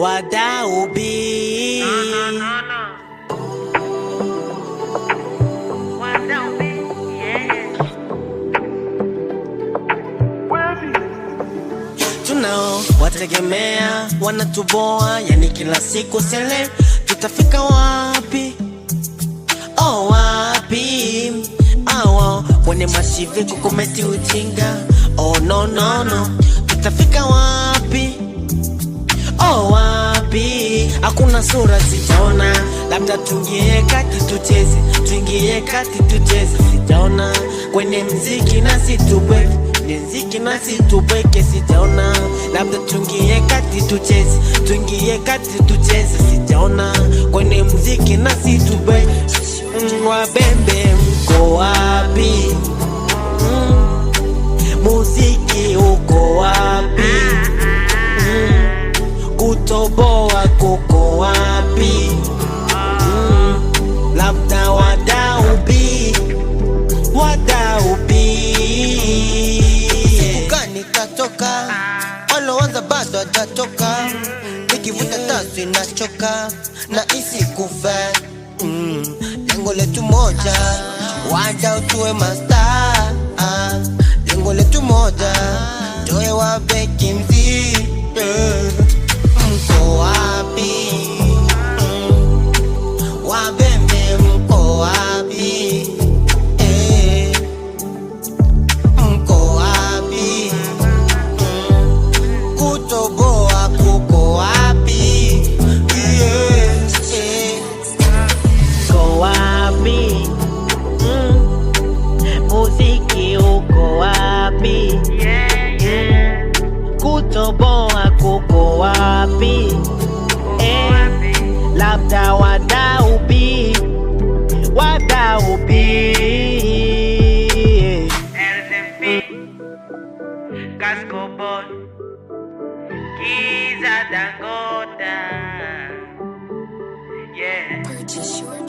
tunao wategemea wanatuboa, yani kila siku sele, tutafika wapi? Oh, wapi awo oh, oh. mashivi kukometi ujinga? Oh, no, no, no, tutafika wapi? wapi? Hakuna sura sijaona, labda tuingie kati tucheze, tuingie kati tucheze. Sijaona kwenye mziki na tubweke, mziki na tubweke. Sijaona labda tuingie kati tucheze, tuingie kati tucheze. Sijaona uko wapi? Mm, labda wadaubi wadaubi gani katoka aloanza bado hajatoka nikivuta tasu inachoka na isi kufa mm, lengo letu moja wadau masta upi eh, labda wadaupi wadaupi Cascobon Kiza Dangota Yeah Purchase your